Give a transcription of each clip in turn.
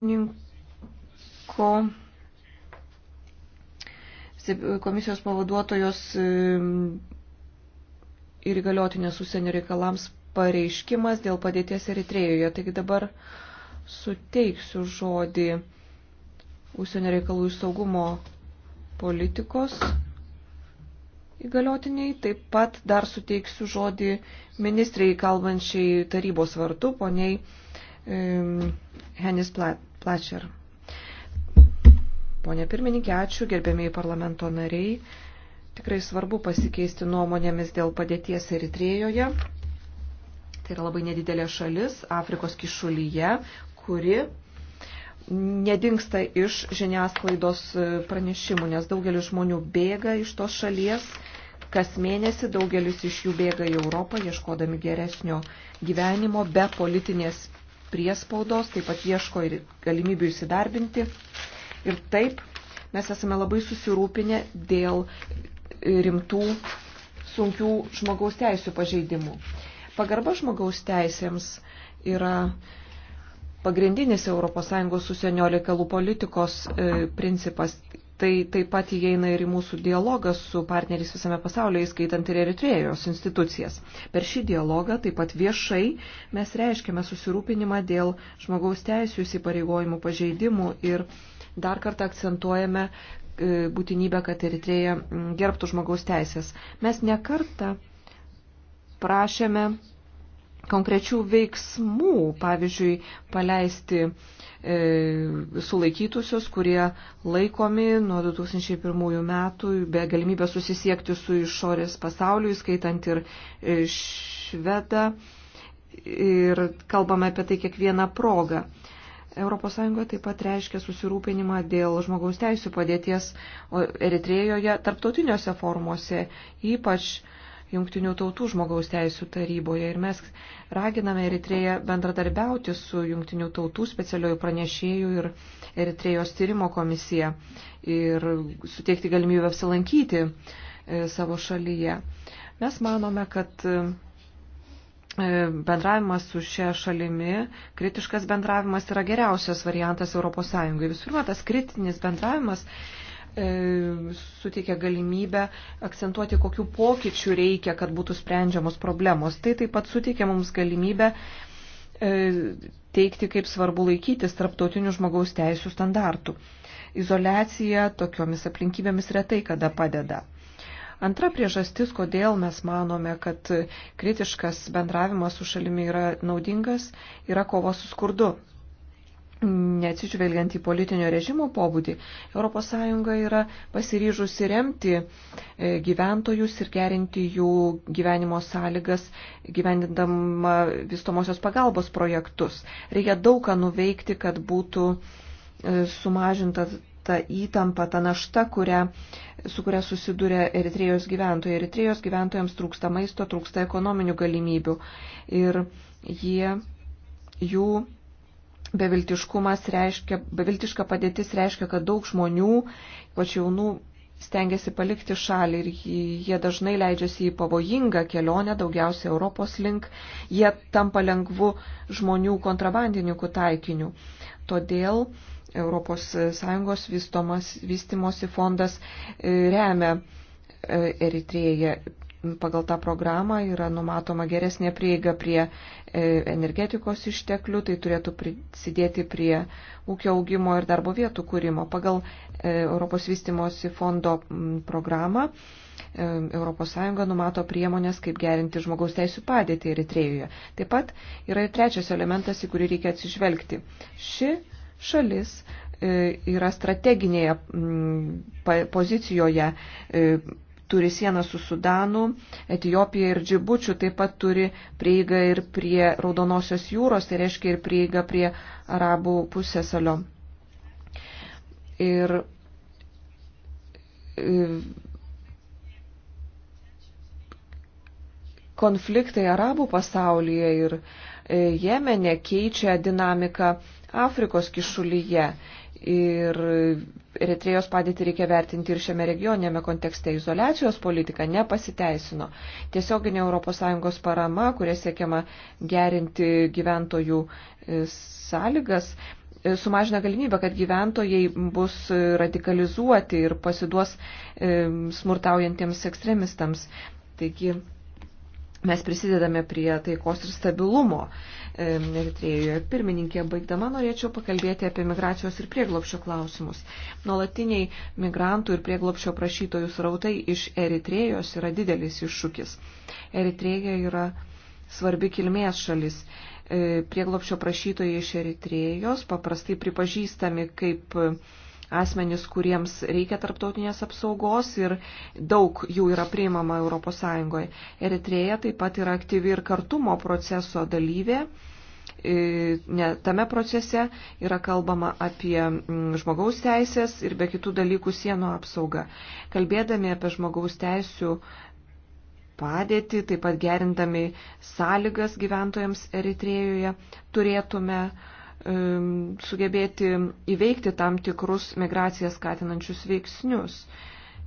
pirmininko komisijos pavaduotojos e, ir įgaliotinės užsienio reikalams pareiškimas dėl padėties Eritrėjoje. Taigi dabar suteiksiu žodį užsienio reikalų ir saugumo politikos įgaliotiniai. Taip pat dar suteiksiu žodį ministrei kalbančiai tarybos vardu, poniai um, Hennis Platt. Plačer. Pone pirmininkė, ačiū, gerbėmiai parlamento nariai. Tikrai svarbu pasikeisti nuomonėmis dėl padėties Eritrėjoje. Tai yra labai nedidelė šalis Afrikos kišulyje, kuri nedingsta iš žiniasklaidos pranešimų, nes daugelis žmonių bėga iš tos šalies. Kas mėnesį daugelis iš jų bėga į Europą, ieškodami geresnio gyvenimo be politinės priespaudos, taip pat ieško ir galimybių įsidarbinti. Ir taip mes esame labai susirūpinę dėl rimtų, sunkių žmogaus teisų pažeidimų. Pagarba žmogaus teisėms yra pagrindinis ES užsienio reikalų politikos e, principas Tai taip pat įeina ir į mūsų dialogą su partneriais visame pasaulyje, įskaitant ir Eritrėjos institucijas. Per šį dialogą taip pat viešai mes reiškiame susirūpinimą dėl žmogaus teisų įsipareigojimų pažeidimų ir dar kartą akcentuojame e, būtinybę, kad Eritrėja gerbtų žmogaus teisės. Mes nekartą prašėme konkrečių veiksmų, pavyzdžiui, paleisti e, sulaikytusius, kurie laikomi nuo 2001 metų be galimybės susisiekti su išorės pasauliu, įskaitant ir e, švedą. Ir kalbame apie tai kiekvieną progą. ES taip pat reiškia susirūpinimą dėl žmogaus teisų padėties Eritrėjoje tarptautiniuose formuose, ypač e, Junktinių tautų žmogaus teisų taryboje ir mes raginame Eritreją bendradarbiauti su Junktinių tautų specialiojų pranešėjų ir Eritrejos tyrimo komisija ir suteikti galimybę apsilankyti e, savo šalyje. Mes manome, kad e, bendravimas su šia šalimi, kritiškas bendravimas yra geriausias variantas ES. Visų pirma, tas kritinis bendravimas E, suteikia galimybę akcentuoti, kokiu pokyčiu reikia, kad būtų sprendžiamos problemos. Tai taip pat suteikia mums galimybę e, teikti, kaip svarbu laikytis tarptautinių žmogaus teisų standartų. Izolacija tokiomis aplinkybėmis retai kada padeda. Antra priežastis, kodėl mes manome, kad kritiškas bendravimas su šalimi yra naudingas, yra kova su skurdu neatsižvelgiant į politinio režimo pobūdį, ES yra pasiryžusi remti e, gyventojus ir gerinti jų gyvenimo sąlygas, gyvendindama vystomosios pagalbos projektus. Reikia daug ką nuveikti, kad būtų e, sumažinta ta įtampa, ta našta, kuria, su kuria susiduria Eritrejos gyventojai. Eritrejos gyventojams trūksta maisto, trūksta ekonominių galimybių. Ir jie, jų beviltiškumas reiškia, beviltiška padėtis reiškia, kad daug žmonių, ypač jaunų, stengiasi palikti šalį ir jie dažnai leidžiasi į pavojingą kelionę, daugiausia Europos link, jie tampa lengvu žmonių kontrabandininkų taikiniu. Todėl ES vystomas, vystimosi fondas e, remia e, Eritrėje pagal tą programą yra numatoma geresnė prieiga prie e, energetikos išteklių, tai turėtų prisidėti prie ūkio augimo ir darbo vietų kūrimo. Pagal e, Europos vystimosi fondo programą ES numato priemonės, kaip gerinti žmogaus teisų padėtį Eritrėjoje. Taip pat yra ir trečias elementas, į kurį reikia atsižvelgti. Ši šalis e, yra strateginėje pozicijoje turi sieną su Sudanu, Etijopija ir Džibučiu taip pat turi prieigą ir prie Raudonosios jūros, tai reiškia ir prieigą prie Arabų pusėsalio. Ir e, konfliktai Arabų pasaulyje ir e, Jemenė keičia dinamiką Afrikos kišulyje Ir Eritrejos padėtį reikia vertinti ir šiame regioninėme kontekste. Izolacijos politika nepasiteisino. Tiesioginė ES parama, kuria siekiama gerinti gyventojų e, sąlygas, e, sumažina galimybę, kad gyventojai bus radikalizuoti ir pasiduos e, smurtaujantiems ekstremistams. Taigi mes prisidedame prie taikos ir stabilumo e, Eritrėjoje. Pirmininkė, baigdama, norėčiau pakalbėti apie migracijos ir prieglopščio klausimus. Nuolatiniai migrantų ir prieglopščio prašytojų srautai iš Eritrėjos yra didelis iššūkis. Eritrėja yra svarbi kilmės šalis. E, prieglopščio prašytojai iš Eritrėjos paprastai pripažįstami kaip asmenys, kuriems reikia tarptautinės apsaugos ir daug jų yra priimama ES. Eritreja taip pat yra aktyvi ir kartumo proceso dalyvė. E, ne, tame procese yra kalbama apie mm, žmogaus teisės ir be kitų dalykų sienų apsaugą. Kalbėdami apie žmogaus teisų padėtį, taip pat gerindami sąlygas gyventojams Eritrėjoje, turėtume uh, sugebėti įveikti tam tikrus migraciją skatinančius veiksnius.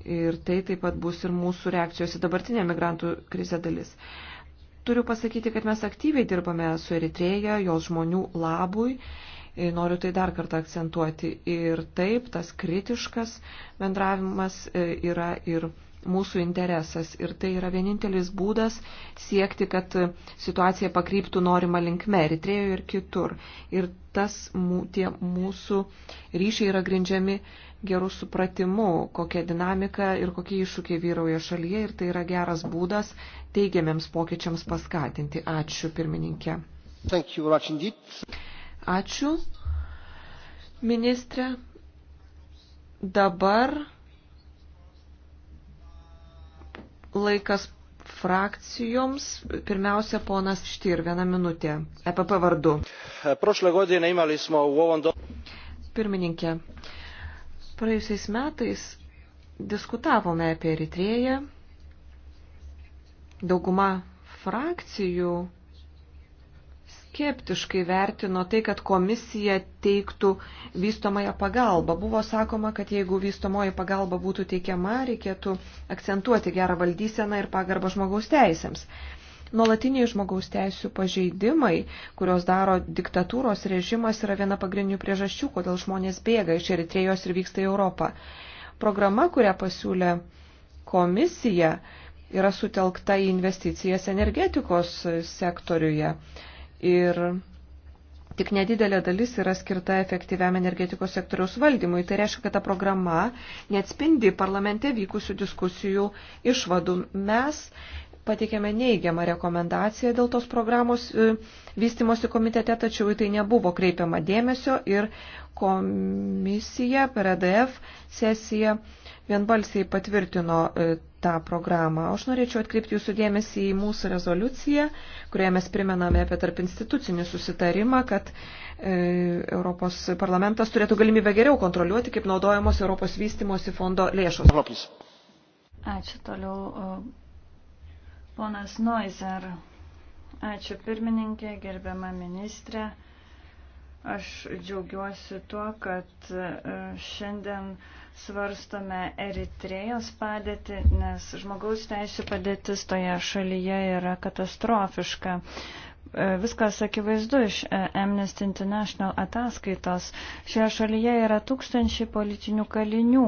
Ir tai taip pat bus ir mūsų reakcijos į dabartinę migrantų krizę dalis. Turiu pasakyti, kad mes aktyviai dirbame su Eritreja, jos žmonių labui. E, noriu tai dar kartą akcentuoti. Ir taip, tas kritiškas bendravimas e, yra ir mūsų interesas ir tai yra vienintelis būdas siekti, kad situacija pakryptų norimą linkme Eritrėjoje ir kitur. Ir tas tie mūsų ryšiai yra grindžiami gerų supratimu, kokia dinamika ir kokie iššūkiai vyrauja šalyje ir tai yra geras būdas teigiamiams pokyčiams paskatinti. Ačiū pirmininkė. Ačiū. Ministrė, dabar laikas frakcijoms. Pirmiausia, ponas Štyr, vieną minutę. EPP vardu. Prošle godine imali smo u ovom domu. Pirmininkė, praėjusiais metais diskutavome apie Eritrėją. Dauguma frakcijų skeptiškai vertino tai, kad komisija teiktų vystomąją pagalbą. Buvo sakoma, kad jeigu vystomoji pagalba būtų teikiama, reikėtų akcentuoti gerą valdyseną ir pagarbą žmogaus teisėms. Nuolatiniai žmogaus teisų pažeidimai, kurios daro diktatūros režimas, yra viena pagrindinių priežasčių, kodėl žmonės bėga iš Eritrejos ir vyksta į Europą. Programa, kurią pasiūlė komisija, yra sutelkta į investicijas energetikos sektoriuje ir tik nedidelė dalis yra skirta efektyviam energetikos sektoriaus valdymui. Tai reiškia, kad ta programa neatspindi parlamente vykusių diskusijų išvadų. Mes pateikėme neigiamą rekomendaciją dėl tos programos e, vystimosi komitete, tačiau į tai nebuvo kreipiama dėmesio ir komisija per EDF sesiją vienbalsiai patvirtino e, tą programą. Aš norėčiau atkreipti jūsų dėmesį į mūsų rezoliuciją, kurioje mes primename apie tarp institucinį susitarimą, kad e, Europos parlamentas turėtų galimybę geriau kontroliuoti, kaip naudojamos Europos vystimosi fondo lėšos. Ačiū toliau. Ponas Noizer, ačiū pirmininkė, gerbiama ministrė. Aš džiaugiuosi tuo, kad e, šiandien e, svarstome Eritrejos padėtį, nes žmogaus teisų padėtis toje šalyje yra katastrofiška. E, viskas akivaizdu iš e, Amnesty International ataskaitos. Šioje šalyje yra tūkstančiai politinių kalinių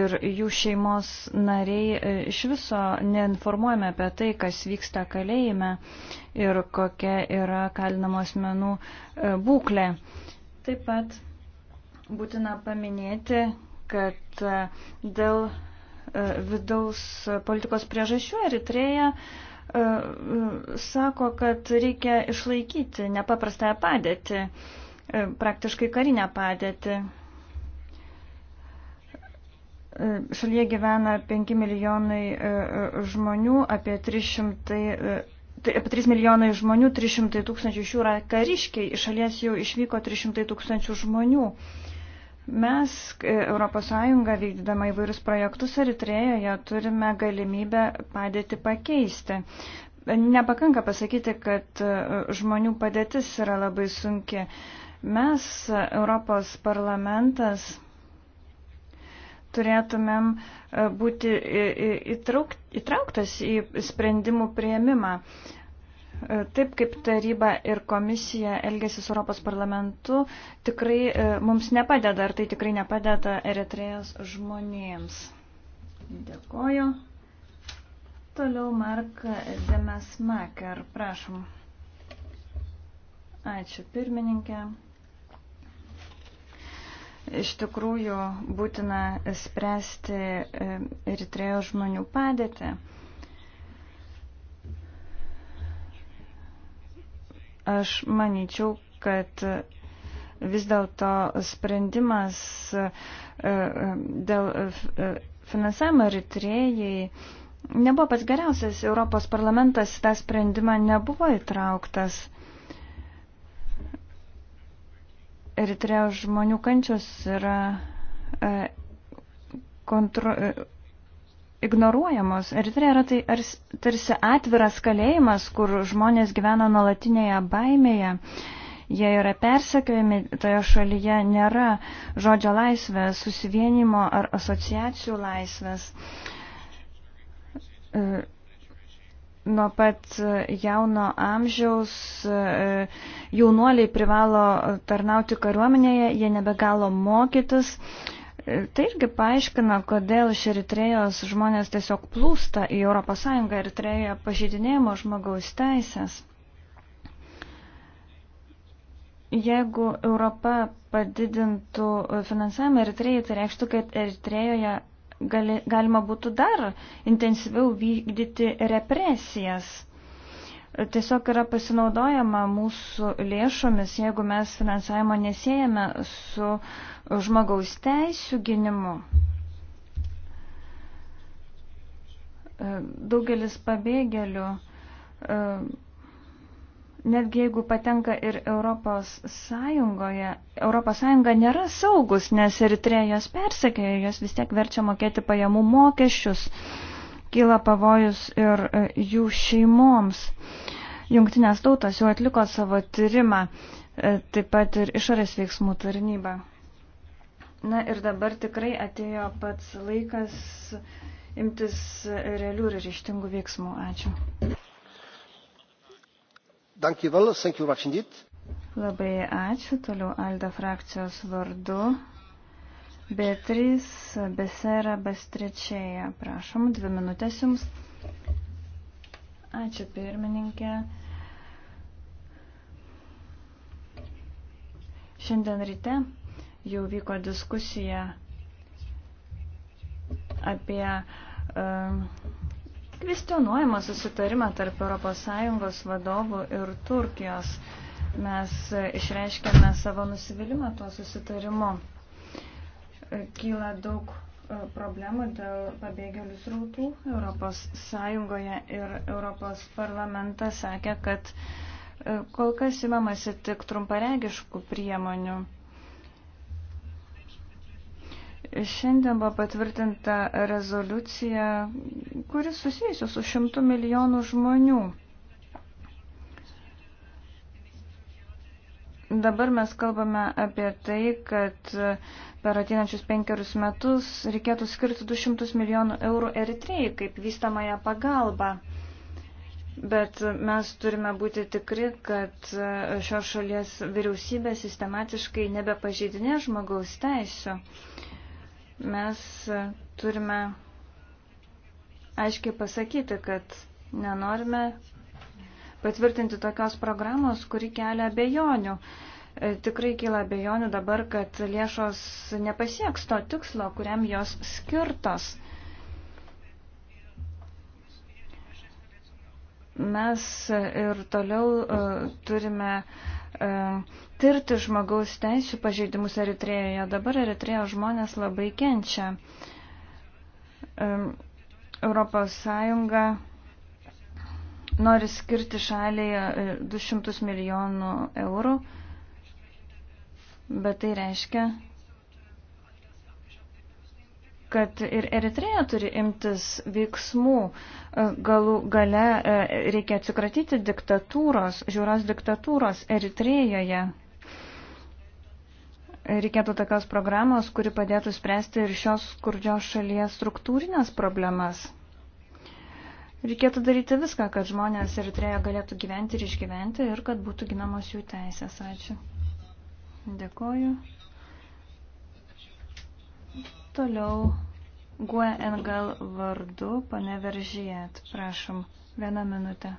ir jų šeimos nariai e, iš viso neinformuojame apie tai, kas vyksta kalėjime ir kokia yra kalinamo asmenų būklė. Taip pat būtina paminėti, kad e, dėl e, vidaus politikos priežasčių Eritreja e, sako, kad reikia išlaikyti nepaprastąją padėtį, praktiškai karinę padėtį. Šalyje gyvena 5 milijonai žmonių, apie 300, apie 3 milijonai žmonių, 300 tūkstančių iš jų yra kariškiai, iš šalies jau išvyko 300 tūkstančių žmonių. Mes, ES, vykdydama įvairius projektus Eritrėjoje, turime galimybę padėti pakeisti. Nepakanka pasakyti, kad e, žmonių padėtis yra labai sunki. Mes, Europos parlamentas, turėtumėm e, būti e, įtrauktas į sprendimų prieimimą. E, taip kaip taryba ir komisija elgesi su Europos parlamentu, tikrai e, mums nepadeda, ar tai tikrai nepadeda Eritrejos žmonėms. Dėkoju. Toliau Mark Zemes Maker, prašom. Ačiū pirmininkė. Iš tikrųjų būtina spręsti e, Eritrejos žmonių padėtį. Aš manyčiau, kad vis dėlto sprendimas e, e, dėl e, finansavimo Eritrėjai nebuvo pats geriausias. Europos parlamentas tą sprendimą nebuvo įtrauktas. Eritrėjos žmonių kančios yra kontro, ignoruojamos. Eritrė yra tai ar, tarsi atviras kalėjimas, kur žmonės gyvena nuolatinėje baimėje. Jie yra persekiojami, toje šalyje nėra žodžio laisvės, susivienimo ar asociacijų laisvės. E, nuo pat jauno amžiaus e, jaunuoliai privalo tarnauti kariuomenėje, jie nebegalo mokytis Tai irgi paaiškina, kodėl iš Eritrejos žmonės tiesiog plūsta į ES ir Eritreja pažydinėjimo žmogaus teisės. Jeigu Europa padidintų finansavimą Eritrejai, tai reikštų, kad Eritrejoje gali, galima būtų dar intensyviau vykdyti represijas tiesiog yra pasinaudojama mūsų lėšomis, jeigu mes finansavimo nesėjame su žmogaus teisų gynimu. E, daugelis pabėgėlių, e, netgi jeigu patenka ir Europos Sąjungoje, Europos Sąjunga nėra saugus, nes Eritrėjos persekėjo, jos vis tiek verčia mokėti pajamų mokesčius kyla pavojus ir e, jų šeimoms. Jungtinės tautos jau atliko savo tyrimą, e, taip pat ir išorės veiksmų tarnyba. Na ir dabar tikrai atėjo pats laikas imtis realių ir ryštingų veiksmų. Ačiū. Dankjewel, thank you much indeed. Labai ačiū. Toliau Alda frakcijos vardu B3, Besera, Bastrečėja. Prašom, dvi minutės jums. Ačiū pirmininkė. Šiandien ryte jau vyko diskusija apie uh, kvestionuojamą susitarimą tarp ES vadovų ir Turkijos. Mes išreiškėme savo nusivylimą tuo susitarimu kyla daug e, problemų dėl pabėgėlių srautų Europos Sąjungoje ir Europos parlamentas sakė, kad e, kol kas įmamasi tik trumparegiškų priemonių. Šiandien buvo patvirtinta rezoliucija, kuris susijusi su šimtų milijonų žmonių. Dabar mes kalbame apie tai, kad per ateinančius penkerius metus reikėtų skirti 200 milijonų eurų Eritrejai kaip vystamąją pagalbą. Bet mes turime būti tikri, kad šios šalies vyriausybė sistematiškai nebepažeidinė žmogaus teisų. Mes turime aiškiai pasakyti, kad nenorime patvirtinti tokios programos, kuri kelia abejonių. E, tikrai kyla abejonių dabar, kad lėšos nepasieks to tikslo, kuriam jos skirtos. Mes ir toliau uh, turime uh, tirti žmogaus teisų pažeidimus Eritrejoje. Dabar Eritrejos žmonės labai kenčia. Um, Europos Sąjunga nori skirti šaliai 200 e, milijonų eurų, bet tai reiškia, kad ir Eritreja turi imtis veiksmų. E, galų gale e, reikia atsikratyti diktatūros, žiūros diktatūros Eritrejoje. Reikėtų tokios programos, kuri padėtų spręsti ir šios skurdžios šalies struktūrinės problemas. Reikėtų daryti viską, kad žmonės Eritreja galėtų gyventi ir išgyventi ir kad būtų ginamos jų teisės. Ačiū. Dėkoju. Toliau GUE NGL vardu, pane Veržijat, prašom, vieną minutę.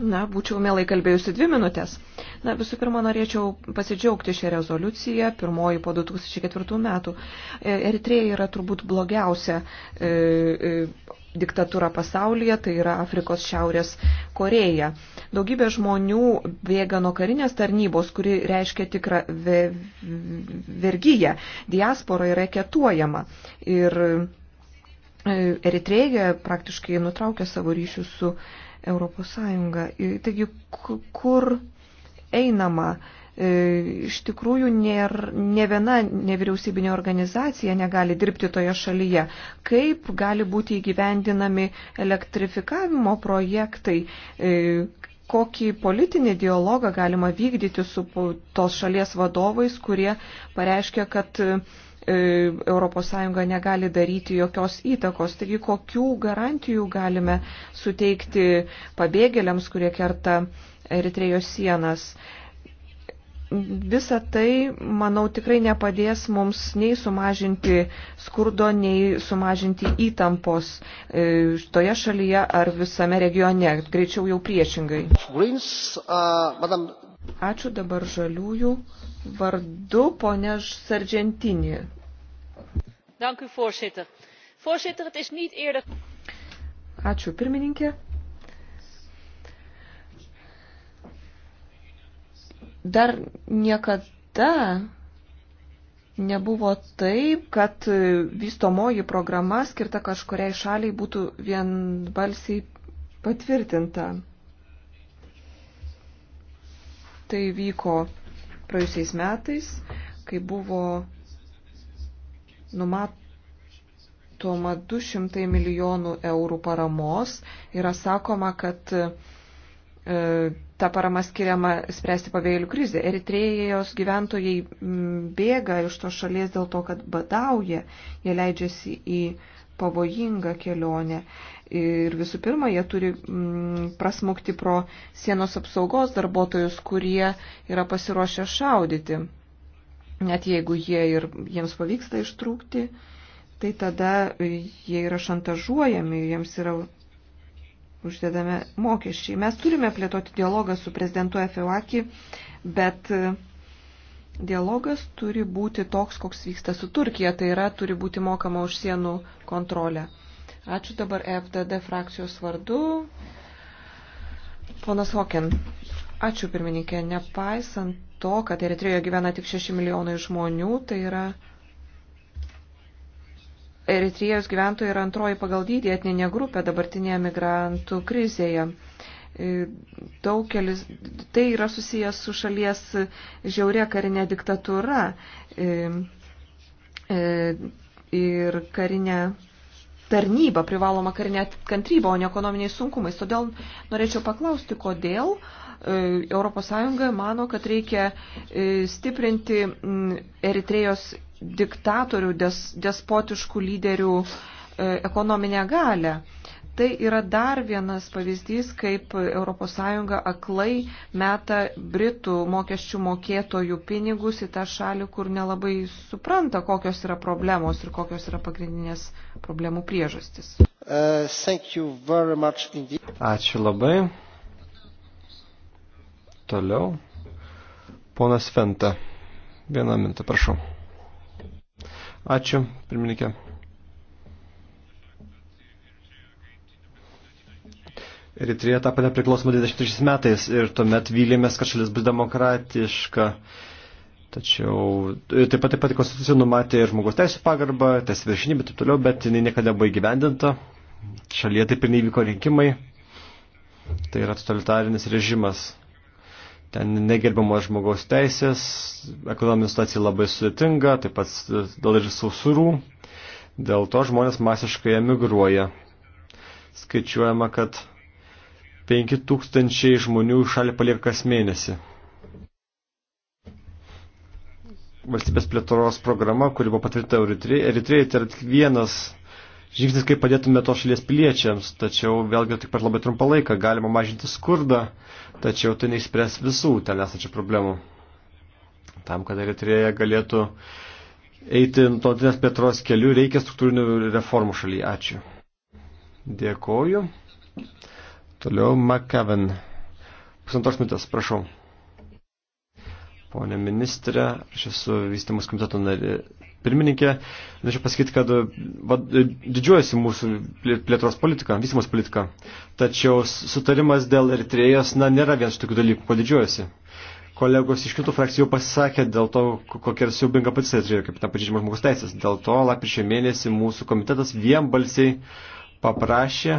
Na, būčiau mielai kalbėjusi dvi minutės. Na, visų pirma, norėčiau pasidžiaugti šią rezoliuciją, pirmoji po 2004 metų. E, Eritreja yra turbūt blogiausia e, e, diktatūra pasaulyje, tai yra Afrikos šiaurės Koreja. Daugybė žmonių bėga nuo karinės tarnybos, kuri reiškia tikrą ve, vergyją. Diaspora yra ketuojama. Ir Eritreja praktiškai nutraukė savo ryšius su Europos Sąjunga. Taigi, kur einama? E, iš tikrųjų, nėr, ne viena nevyriausybinė organizacija negali dirbti toje šalyje. Kaip gali būti įgyvendinami elektrifikavimo projektai, e, kokį politinį dialogą galima vykdyti su tos šalies vadovais, kurie pareiškia, kad ES negali daryti jokios įtakos. Taigi kokių garantijų galime suteikti pabėgėliams, kurie kerta Eritrejos sienas? visa tai, manau, tikrai nepadės mums nei sumažinti skurdo, nei sumažinti įtampos e, toje šalyje ar visame regione. Greičiau jau priešingai. Greens, uh, Ačiū dabar žaliųjų vardu, ponia Sargentinė. Ačiū pirmininkė. Dar niekada nebuvo taip, kad vystomoji programa skirta kažkuriai šaliai būtų vienbalsiai patvirtinta. Tai vyko praėjusiais metais, kai buvo numatoma 200 milijonų eurų paramos. Yra sakoma, kad e, ta parama skiriama spręsti pavėjėlių krizę. Eritrėjos gyventojai bėga iš to šalies dėl to, kad badauja, jie leidžiasi į pavojinga kelionė. Ir visų pirma, jie turi mm, prasmukti pro sienos apsaugos darbuotojus, kurie yra pasiruošę šaudyti. Net jeigu jie ir jiems pavyksta ištrūkti, tai tada jie yra šantažuojami, jiems yra uždedami mokesčiai. Mes turime plėtoti dialogą su prezidentu Efeuaki, bet mm, Dialogas turi būti toks, koks vyksta su Turkija, tai yra turi būti mokama už sienų kontrolę. Ačiū dabar FDD frakcijos vardu. Ponas Hoken, ačiū pirmininkė. Nepaisant to, kad Eritrijoje gyvena tik 6 milijonai žmonių, tai yra Eritrijos gyventojai yra antroji pagal dydį etninė grupė dabartinėje migrantų krizėje. E, daugelis, tai yra susijęs su šalies žiauria karinė diktatūra e, e, ir karinė tarnyba, privaloma karinė kantryba, o ne ekonominiai sunkumai. Todėl norėčiau paklausti, kodėl ES mano, kad reikia stiprinti Eritrejos diktatorių, des, despotiškų lyderių ekonominę galę. Tai yra dar vienas pavyzdys, kaip ES aklai meta Britų mokesčių mokėtojų pinigus į tą šalį, kur nelabai supranta, kokios yra problemos ir kokios yra pagrindinės problemų priežastis. Uh, Ačiū labai. Toliau. Ponas Fenta. Vieną minutę, prašau. Ačiū, pirmininkė. Eritrija tapo nepriklausoma 23 metais ir tuomet vylėmės, kad šalis bus demokratiška. Tačiau taip pat, taip pat konstitucija numatė ir žmogaus teisų pagarbą, tas viršinybė ir taip toliau, bet jinai niekada buvo įgyvendinta. Šalyje taip ir nevyko rinkimai. Tai yra totalitarinis režimas. Ten negerbiamos žmogaus teisės, ekonominė situacija labai sudėtinga, taip pat dėl ir sausurų. Dėl to žmonės masiškai emigruoja. Skaičiuojama, kad 5000 žmonių šalį palieka kas mėnesį. Valstybės plėtoros programa, kuri buvo patvirtinta Eritrėjai, tai yra tik vienas žingsnis, kaip padėtume to šalies piliečiams, tačiau vėlgi tik per labai trumpą laiką galima mažinti skurdą, tačiau tai neišspręs visų ten esančių problemų. Tam, kad Eritrėja galėtų eiti nuolatinės plėtros keliu, reikia struktūrinių reformų šalyje. Ačiū. Dėkoju. Toliau McKevin. Pusantros minutės, prašau. Pone ministrė, aš esu vystymus komiteto narė, pirmininkė. Norėčiau pasakyti, kad va, didžiuojasi mūsų plėtros politika, vystymus politika. Tačiau sutarimas dėl Eritrėjos, na, nėra vienas iš tokių dalykų, ko didžiuojasi. Kolegos iš kitų frakcijų pasisakė dėl to, kokia yra siubinga patys Eritrėja, kaip ten pažydžiama žmogus teisės. Dėl to lapkričio mėnesį mūsų komitetas vienbalsiai paprašė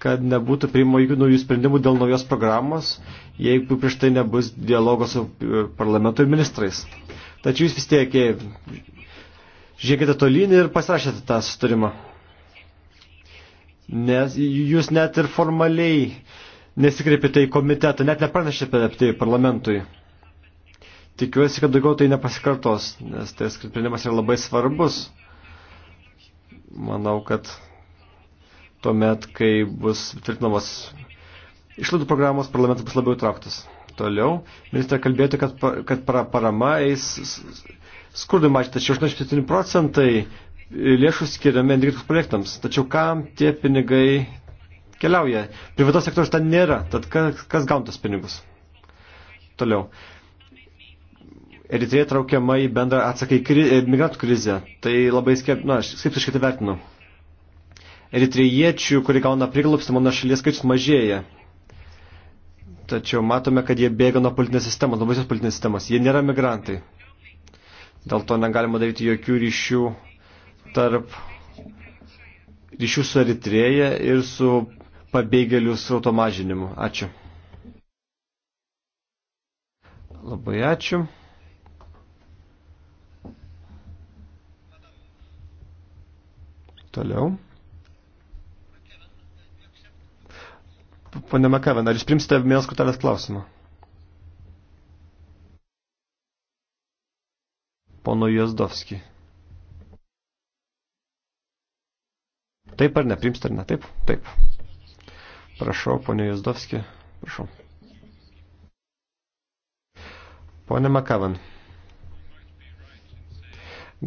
kad nebūtų priimama jokių naujų sprendimų dėl naujos programos, jeigu prieš tai nebus dialogo su e, parlamento ir ministrais. Tačiau jūs vis tiek e, žiūrėkite tolyn ir pasirašėte tą sustarimą. Nes jūs net ir formaliai nesikreipėte į komitetą, net nepranešėte apie tai parlamentui. Tikiuosi, kad daugiau tai nepasikartos, nes tai sprendimas yra labai svarbus. Manau, kad tuomet, kai bus tvirtinamos išlaidų programos, parlamentas bus labiau įtrauktas. Toliau, ministrė kalbėti, kad, kad para, parama eis skurdui mažinti, tačiau 87 procentai lėšų skiriami energetikos projektams. Tačiau kam tie pinigai keliauja? Privatos sektorius ten nėra, tad kas, kas gauna tas pinigus? Toliau. Eritrėja traukiama į bendrą atsaką į kri, migrantų krizę. Tai labai skep, na, skeptiškai tai vertinu eritrejiečių, kurie gauna priglobstį mano šalies skaičius mažėja. Tačiau matome, kad jie bėga nuo politinės sistemos, nuo baisios politinės sistemos. Jie nėra migrantai. Dėl to negalima daryti jokių ryšių tarp ryšių su Eritrėja ir su pabėgėlių srauto mažinimu. Ačiū. Labai ačiū. Toliau. Pone Makaven, ar jūs primsite mėlas kortelės klausimą? Pono Jazdovski. Taip ar ne, primsite ar ne? Taip, taip. Prašau, ponio Jazdovski, prašau. Pone Makavan,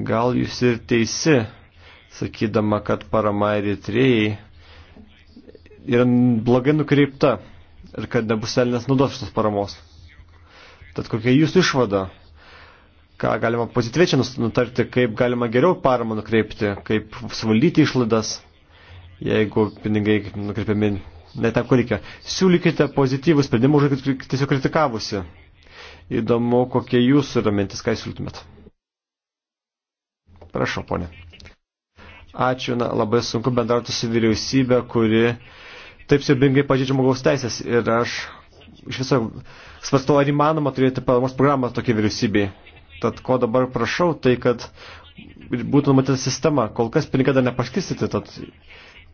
gal jūs ir teisi, sakydama, kad parama ir trėjai yra blogai nukreipta ir kad nebus elnės naudos šitos paramos. Tad kokia jūsų išvada? Ką galima pozityviai čia nutarti, kaip galima geriau paramą nukreipti, kaip suvaldyti išlaidas, jeigu pinigai nukreipiami ne ten, kur reikia. Siūlykite pozityvų sprendimą, už tiesiog kritikavusi. Įdomu, kokie jūsų yra mintis, ką siūlytumėt. Prašau, ponė. Ačiū, na, labai sunku bendrauti su vyriausybė, kuri taip sirbingai pažydžia žmogaus teisės. Ir aš iš viso svarstau, ar įmanoma turėti paramos programą tokiai vyriausybei. Tad ko dabar prašau, tai kad būtų numatyta sistema. Kol kas pinigai dar nepaskirstyti, tad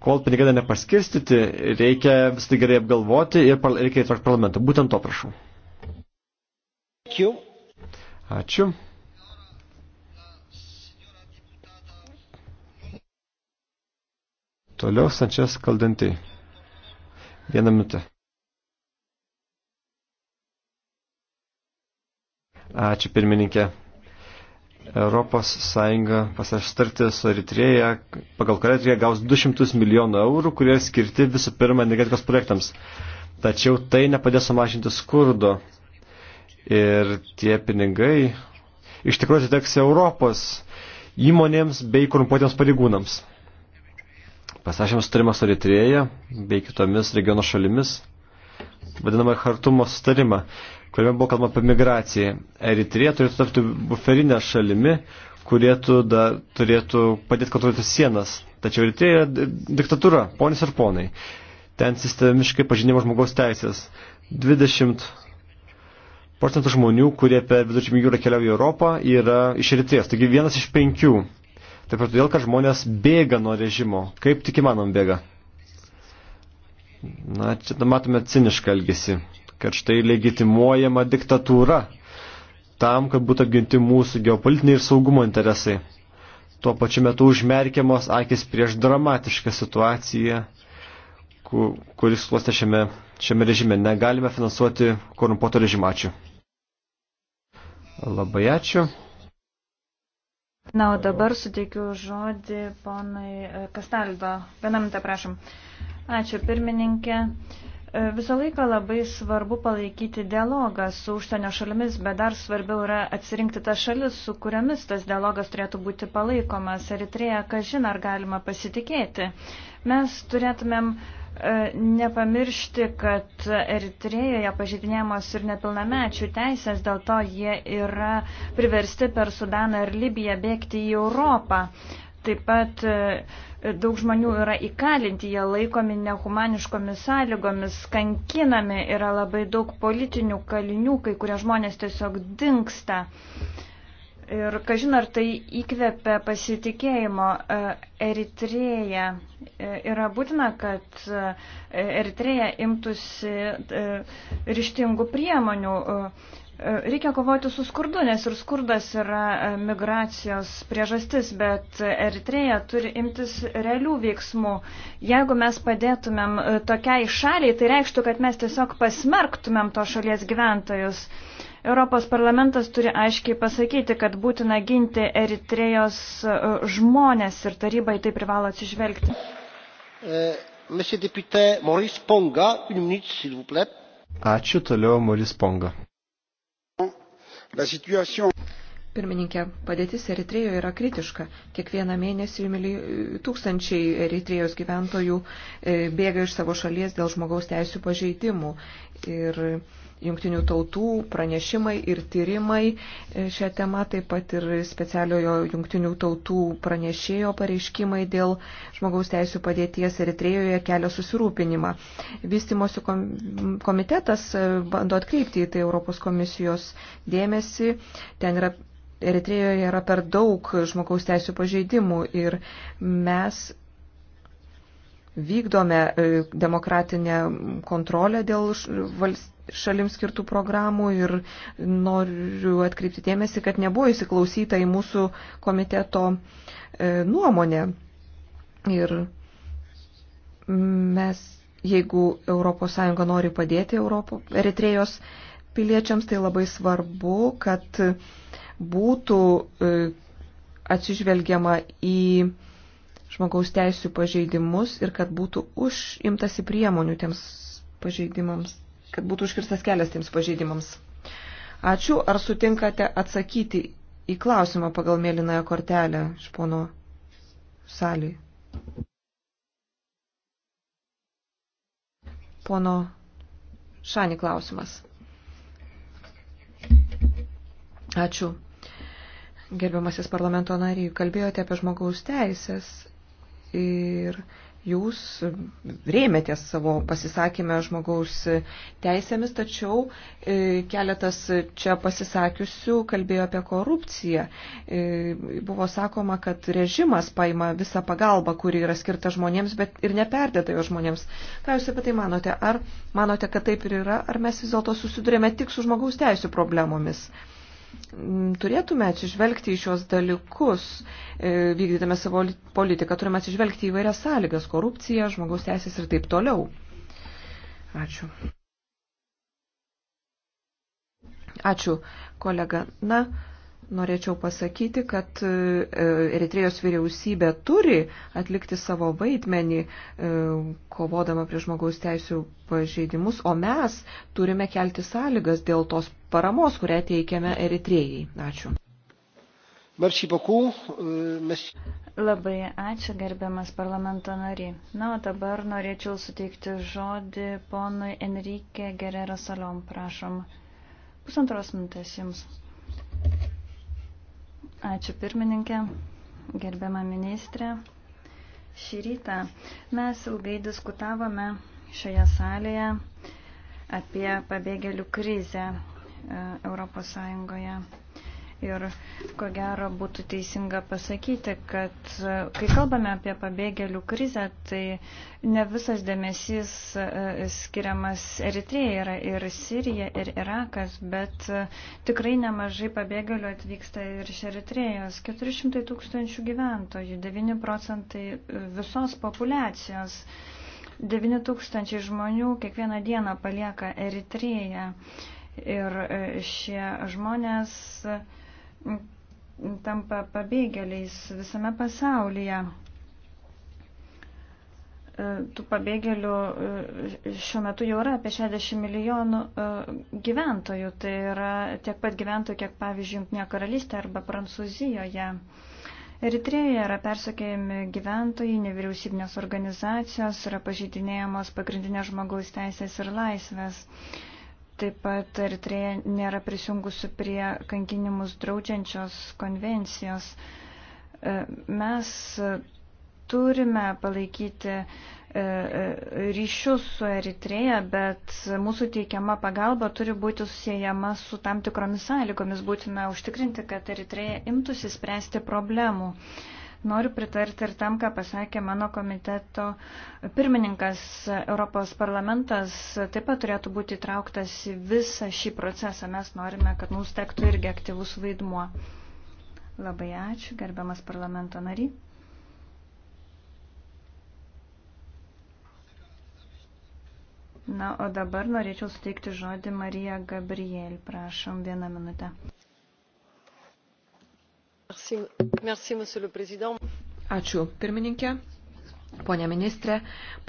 kol pinigai dar nepaskirstyti, reikia vis tai gerai apgalvoti ir reikia įtraukti parlamentą. Būtent to prašau. Ačiū. Ačiū. Toliau Sančias Kaldentai. Vieną minutę. Ačiū pirmininkė. Europos Sąjunga pasiraštartė su Eritrėja, pagal kurią Eritrėja gaus 200 milijonų eurų, kurie skirti visų pirma energetikos projektams. Tačiau tai nepadės sumažinti skurdo. Ir tie pinigai iš tikrųjų atiteks Europos įmonėms bei korumpuotiems pareigūnams pasirašėme sutarimą su Eritrėja bei kitomis regiono šalimis, vadinamą Hartumo sutarimą, kuriame buvo kalbama apie migraciją. Eritrėja turėtų tapti buferinę šalimi, kurėtų da, turėtų padėti kontroliuoti sienas. Tačiau Eritrėja diktatūra, ponis ir ponai. Ten sistemiškai pažinimo žmogaus teisės. 20 procentų žmonių, kurie per viduržymį jūrą keliauja į Europą, yra iš Eritrės. Taigi vienas iš penkių Taip ir todėl, kad žmonės bėga nuo režimo. Kaip tik įmanom bėga? Na, čia matome cinišką elgesį, kad štai legitimuojama diktatūra tam, kad būtų apginti mūsų geopolitiniai ir saugumo interesai. Tuo pačiu metu užmerkiamos akis prieš dramatišką situaciją, kuris klostė šiame, šiame režime. Negalime finansuoti korumpuoto režimo. Ačiū. Labai ačiū. Na, o dabar suteikiu žodį ponui e, Kastaldo. Vieną minutę prašom. Ačiū, pirmininkė. E, visą laiką labai svarbu palaikyti dialogą su užsienio šalimis, bet dar svarbiau yra atsirinkti tas šalis, su kuriamis tas dialogas turėtų būti palaikomas. Eritreja, kažin ar galima pasitikėti. Mes turėtumėm uh, E, nepamiršti, kad Eritrėjoje pažydinėjamos ir nepilnamečių teisės, dėl to jie yra priversti per Sudaną ir Libiją bėgti į Europą. Taip pat e, daug žmonių yra įkalinti, jie laikomi nehumaniškomis sąlygomis, kankinami, yra labai daug politinių kalinių, kai kurie žmonės tiesiog dinksta. Uh, Ir kažin ar tai įkvepia pasitikėjimo e, Eritrėje. Yra būtina, kad e, Eritrėje imtųsi e, ryštingų priemonių. Reikia kovoti su skurdu, nes ir skurdas yra migracijos priežastis, bet Eritrėja turi imtis realių veiksmų. Jeigu mes padėtumėm tokiai šaliai, tai reikštų, kad mes tiesiog pasmerktumėm to šalies gyventojus. Europos parlamentas turi aiškiai pasakyti, kad būtina ginti Eritrejos e, žmonės ir taryba į tai privalo atsižvelgti. E, Ačiū toliau, Moris Ponga. Pirmininkė, padėtis Eritrejoje yra kritiška. Kiekvieną mėnesį tūkstančiai Eritrejos gyventojų e, bėga iš savo šalies dėl žmogaus teisų pažeidimų. Ir jungtinių tautų pranešimai ir tyrimai e, šią temą, taip pat ir specialiojo jungtinių tautų pranešėjo pareiškimai dėl žmogaus teisų padėties Eritrėjoje kelia susirūpinimą. Vystimosi komitetas e, bando atkreipti į tai Europos komisijos dėmesį. Ten yra Eritrėjoje yra per daug žmogaus teisų pažeidimų ir mes vykdome e, demokratinę kontrolę dėl valstybės šalims skirtų programų ir noriu atkreipti dėmesį, kad nebuvo įsiklausyta į mūsų komiteto e, nuomonę. Ir mes, jeigu ES nori padėti Europo, Eritrejos piliečiams, tai labai svarbu, kad būtų e, atsižvelgiama į žmogaus teisų pažeidimus ir kad būtų užimtasi priemonių tiems pažeidimams kad būtų užkirstas kelias tiems pažeidimams. Ačiū, ar sutinkate atsakyti į klausimą pagal mėlynąją kortelę iš pono salį? Pono Šani klausimas. Ačiū. Gerbiamasis parlamento nariai, kalbėjote apie žmogaus teisės ir Jūs rėmėtės savo pasisakymę žmogaus teisėmis, tačiau e, keletas čia pasisakiusių kalbėjo apie korupciją. E, buvo sakoma, kad režimas paima visą pagalbą, kuri yra skirta žmonėms, bet ir neperdėta jo žmonėms. Ką Jūs apie tai manote? Ar manote, kad taip ir yra, ar mes vis dėlto susidurėme tik su žmogaus teisų problemomis? turėtume atsižvelgti į šios dalykus, e, vykdydami savo politiką, turime atsižvelgti į vairias sąlygas - korupciją, žmogaus teisės ir taip toliau. Ačiū. Ačiū, kolega. Na, norėčiau pasakyti, kad e, Eritrejos vyriausybė turi atlikti savo vaidmenį e, kovodama prie žmogaus teisų pažeidimus, o mes turime kelti sąlygas dėl tos paramos, kurią teikiame Eritrejai. Ačiū. Merci beaucoup. Euh, Merci. Labai ačiū, gerbiamas parlamento nariai. Na, o dabar norėčiau suteikti žodį ponui Enrique Gerero Salom, prašom. Pusantros minutės jums. Ačiū pirmininkė, gerbiama ministrė. Šį rytą mes ilgai diskutavome šioje salėje apie pabėgėlių krizę e, Europos Sąjungoje. Ir ko gero būtų teisinga pasakyti, kad e, kai kalbame apie pabėgėlių krizę, tai ne visas dėmesys e, skiriamas Eritrėje yra ir Sirija, ir Irakas, bet e, tikrai nemažai pabėgėlių atvyksta ir iš Eritrėjos. 400 tūkstančių gyventojų, 9 procentai visos populacijos. 9 tūkstančiai žmonių kiekvieną dieną palieka Eritrėje. Ir šie žmonės uh, tampa pabėgėliais visame pasaulyje. E, tų pabėgėlių e, šiuo metu jau yra apie 60 milijonų e, gyventojų. Tai yra tiek pat gyventojų, kiek pavyzdžiui Junktinė karalystė arba Prancūzijoje. Eritrėje yra persikėjami gyventojai, nevyriausybinės organizacijos, yra pažydinėjamos pagrindinės žmogaus teisės ir laisvės. Uh, Taip pat Eritreja nėra prisijungusi prie kankinimus draudžiančios konvencijos. E, mes turime palaikyti e, e, ryšius su Eritreja, bet mūsų teikiama pagalba turi būti susijęma su tam tikromis sąlygomis. Būtina užtikrinti, kad Eritreja imtųsi spręsti problemų. Uh, Noriu pritarti ir tam, ką pasakė mano komiteto pirmininkas. Europos parlamentas taip pat turėtų būti įtrauktas į visą šį procesą. Mes norime, kad mums tektų irgi aktyvus vaidmuo. Labai ačiū, gerbiamas parlamento nary. Na, o dabar norėčiau suteikti žodį Marija Gabriel. Prašom, vieną minutę. Ačiū, pirmininkė. Pone ministrė,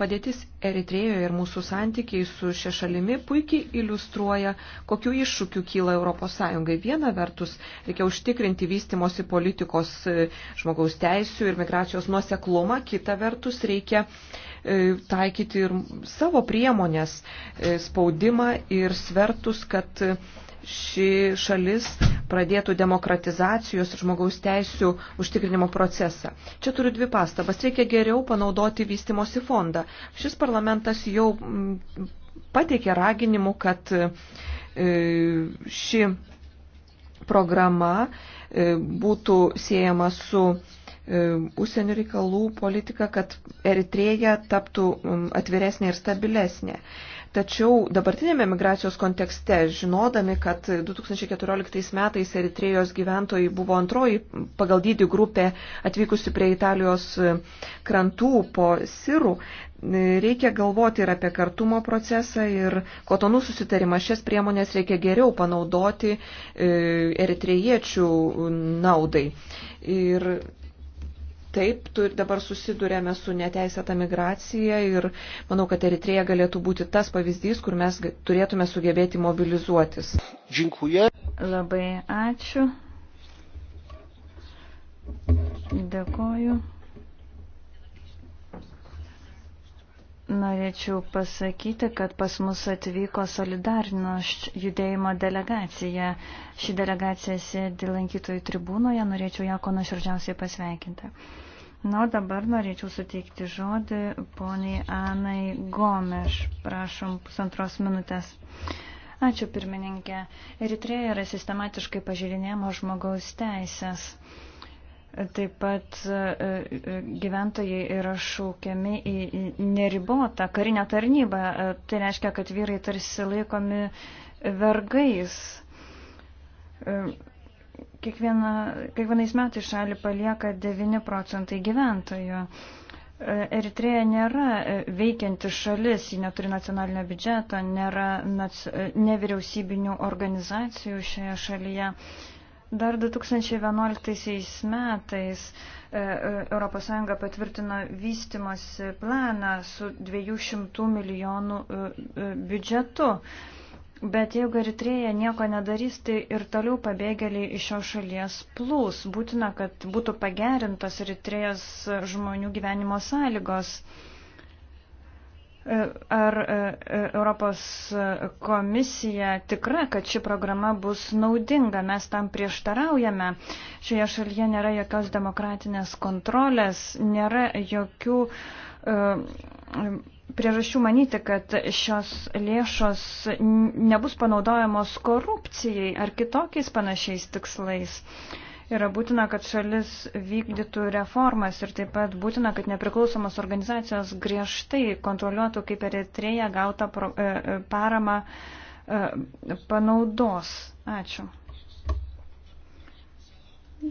padėtis Eritrėjoje ir mūsų santykiai su šia šalimi puikiai iliustruoja, kokiu iššūkiu kyla ES. Viena vertus, reikia užtikrinti vystimosi politikos e, žmogaus teisų ir migracijos nuoseklumą, kita vertus, reikia e, taikyti ir savo priemonės e, spaudimą ir svertus, kad ši šalis pradėtų demokratizacijos ir žmogaus teisų užtikrinimo procesą. Čia turiu dvi pastabas. Reikia geriau panaudoti vystimosi fondą. Šis parlamentas jau mm, pateikė raginimų, kad e, ši programa e, būtų siejama su e, užsienio reikalų politika, kad Eritreja taptų mm, atviresnė ir stabilesnė. Tačiau dabartinėme migracijos kontekste, žinodami, kad 2014 metais Eritrėjos gyventojai buvo antroji pagal dydį grupė atvykusi prie Italijos krantų po Sirų, reikia galvoti ir apie kartumo procesą ir kotonų susitarimą. Šias priemonės reikia geriau panaudoti e, eritrėjiečių naudai. Ir Taip, dabar susidurėme su neteisėta migracija ir manau, kad Eritreja galėtų būti tas pavyzdys, kur mes turėtume sugebėti mobilizuotis. Džinkuje. Labai ačiū. Dėkoju. Norėčiau pasakyti, kad pas mus atvyko Solidarino judėjimo delegacija. Ši delegacija sėdi lankytojų tribūnoje, norėčiau ją ko nuoširdžiausiai pasveikinti. Na, o dabar norėčiau suteikti žodį poniai Anai Gomeš. Prašom, pusantros minutės. Ačiū pirmininkė. Eritrėja yra sistematiškai pažiūrinėjama žmogaus teisės. Uh, Taip pat e, e, gyventojai yra šaukiami į neribotą karinę tarnybą. E, tai reiškia, kad vyrai tarsi laikomi vergais. Kiekviena, kiekvienais metais šalį palieka 9 procentai gyventojų. Eritreja nėra veikianti šalis, ji neturi nacionalinio biudžeto, nėra nevyriausybinių organizacijų šioje šalyje. Dar 2011 metais ES e, patvirtino vystimosi planą su 200 milijonų e, e, biudžetu. Bet jeigu Eritrėja nieko nedarys, tai ir toliau pabėgėliai iš šios šalies plūs. Būtina, kad būtų pagerintos Eritrėjos žmonių gyvenimo sąlygos. Ar e, e, Europos komisija tikra, kad ši programa bus naudinga? Mes tam prieštaraujame. Šioje šalyje nėra jokios demokratinės kontrolės, nėra jokių e, priežasčių manyti, kad šios lėšos nebus panaudojamos korupcijai ar kitokiais panašiais tikslais. Yra būtina, kad šalis vykdytų reformas ir taip pat būtina, kad nepriklausomos organizacijos griežtai kontroliuotų, kaip Eritreja gauta e, e, parama e, panaudos. Ačiū.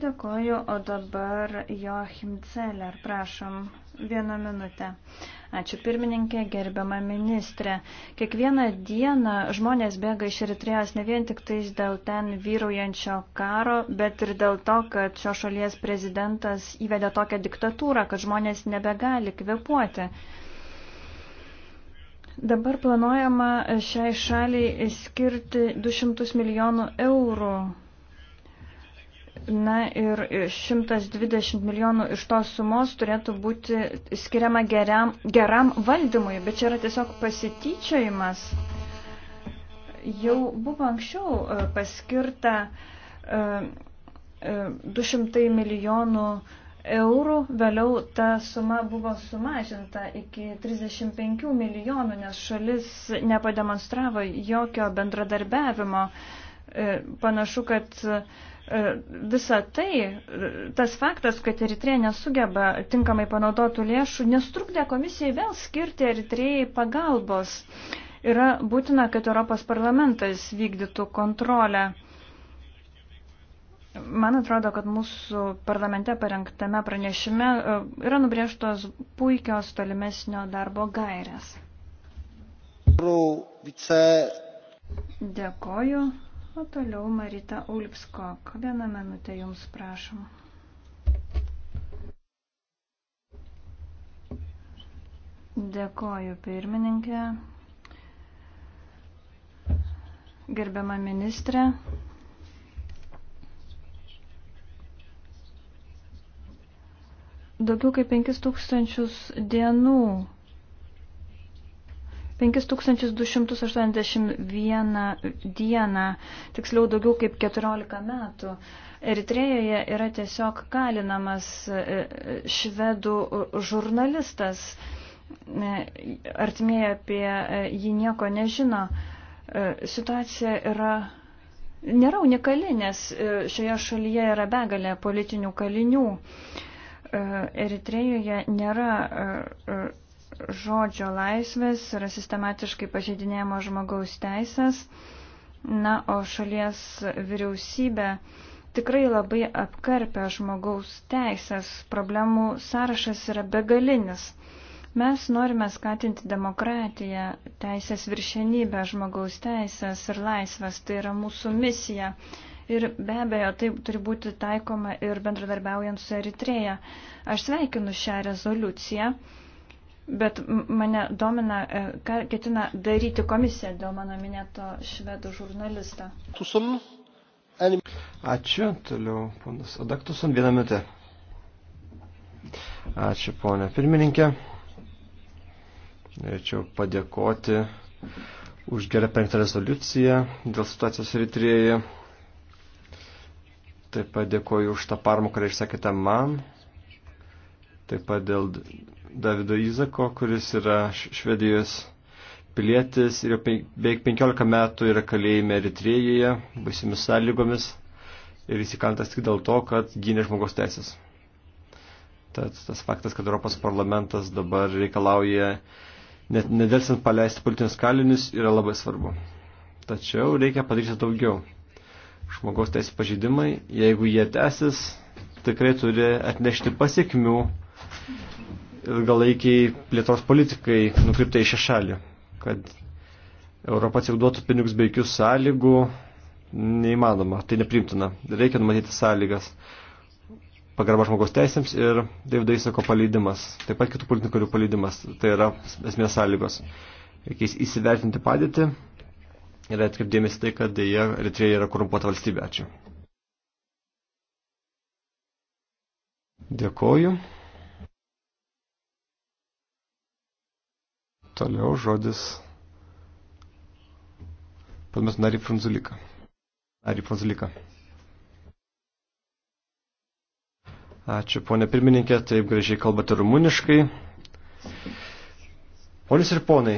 Dėkoju, o dabar Joachim Celler, prašom. Vieną minutę. Ačiū pirmininkė, gerbiama ministrė. Kiekvieną dieną žmonės bėga iš Eritrejos ne vien tik tais dėl ten vyraujančio karo, bet ir dėl to, kad šio šalies prezidentas įvedė tokią diktatūrą, kad žmonės nebegali kvepuoti. Dabar planuojama šiai šaliai skirti 200 milijonų eurų Na ir 120 milijonų iš tos sumos turėtų būti skiriama geriam, geram valdymui, bet čia yra tiesiog pasityčiojimas. Jau buvo anksčiau e, paskirta 200 e, e, milijonų eurų, vėliau ta suma buvo sumažinta iki 35 milijonų, nes šalis nepademonstravo jokio bendradarbiavimo. Panašu, kad E, visa tai, e, tas faktas, kad Eritrė nesugeba tinkamai panaudotų lėšų, nestrukdė komisijai vėl skirti Eritrėjai pagalbos. Yra būtina, kad Europos parlamentas vykdytų kontrolę. Man atrodo, kad mūsų parlamente parengtame pranešime e, yra nubrėžtos puikios tolimesnio darbo gairės. Dėkoju. O toliau Marita Ulpskok. Vieną minutę jums prašom. Dėkoju pirmininkė. Gerbiama ministrė. Daugiau kaip 5000 dienų 5281 dieną, tiksliau daugiau kaip 14 metų, Eritrejoje yra tiesiog kalinamas e, e, švedų žurnalistas. E, artimieji apie jį nieko nežino. Situacija yra, nėra unikali, nes šioje šalyje yra begalė politinių kalinių. Eritrejoje nėra žodžio laisvės, yra sistematiškai pažeidinėjama žmogaus teisės. Na, o šalies vyriausybė tikrai labai apkarpia žmogaus teisės. Problemų sąrašas yra begalinis. Mes norime skatinti demokratiją, teisės viršenybę, žmogaus teisės ir laisvės. Tai yra mūsų misija. Ir be abejo, tai turi būti taikoma ir bendradarbiaujant su Eritreja. Aš sveikinu šią rezoliuciją. Bet mane domina, e, ką ketina daryti komisija dėl mano minėto švedų žurnalisto. Ačiū, toliau ponas Adaktuson, vieną minutę. Ačiū, ponė pirmininkė. Norėčiau padėkoti už gerą penktą rezoliuciją dėl situacijos rytrėje. Taip pat dėkoju už tą parmą, kurią išsakėte man. Taip pat dėl Davido Izako, kuris yra Švedijos pilietis ir jau beveik 15 metų yra kalėjime Eritrėjoje, baisimis sąlygomis ir įsikantas tik dėl to, kad gynė žmogaus teisės. Tad tas faktas, kad Europos parlamentas dabar reikalauja net nedelsant paleisti politinius kalinius, yra labai svarbu. Tačiau reikia padaryti daugiau. Žmogaus teisės pažydimai, jeigu jie tęsis, tikrai turi atnešti pasiekmių ilgalaikiai plėtros politikai nukreiptai į šią šalį, kad Europa atsiduotų pinigus be jokių sąlygų, neįmanoma, tai neprimtina. Reikia numatyti sąlygas pagarba žmogaus teisėms ir Davido Įsako paleidimas, taip pat kitų politinių karių paleidimas, tai yra esmės sąlygos. Reikia įsivertinti padėtį ir atkreipdėmėsi tai, kad dėja Eritrėja yra korumpuota valstybė. Ačiū. Dėkoju. Toliau žodis Palmės Nari Franzulika. Nari Franzulika. Ačiū, ponė pirmininkė, taip gražiai kalbate rumuniškai. Ponis ir ponai,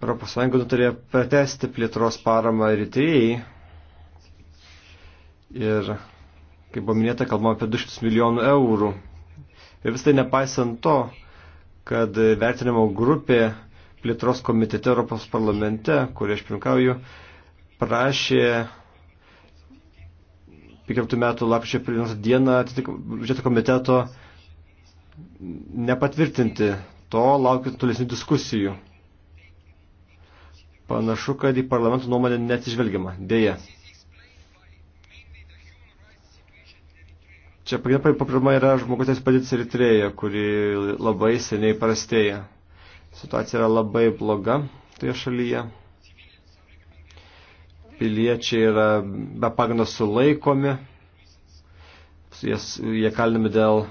ES nutarė pratesti plėtros paramą rytėjai ir, kaip buvo minėta, kalbama apie 200 milijonų eurų. Ir vis tai nepaisant to, kad vertinimo grupė plėtros komitete Europos parlamente, kurį aš pirmkauju, prašė 15 metų lapščio pirmos dieną biudžeto komiteto nepatvirtinti. To laukiant tolesnių diskusijų. Panašu, kad į parlamento nuomonę neatsižvelgiama. Deja. Čia pagrindinė problema yra žmogus teisų padėtis Eritrėje, kuri labai seniai prastėja. Situacija yra labai bloga toje šalyje. Piliečiai yra be pagrindo sulaikomi. Jas, jie kalinami dėl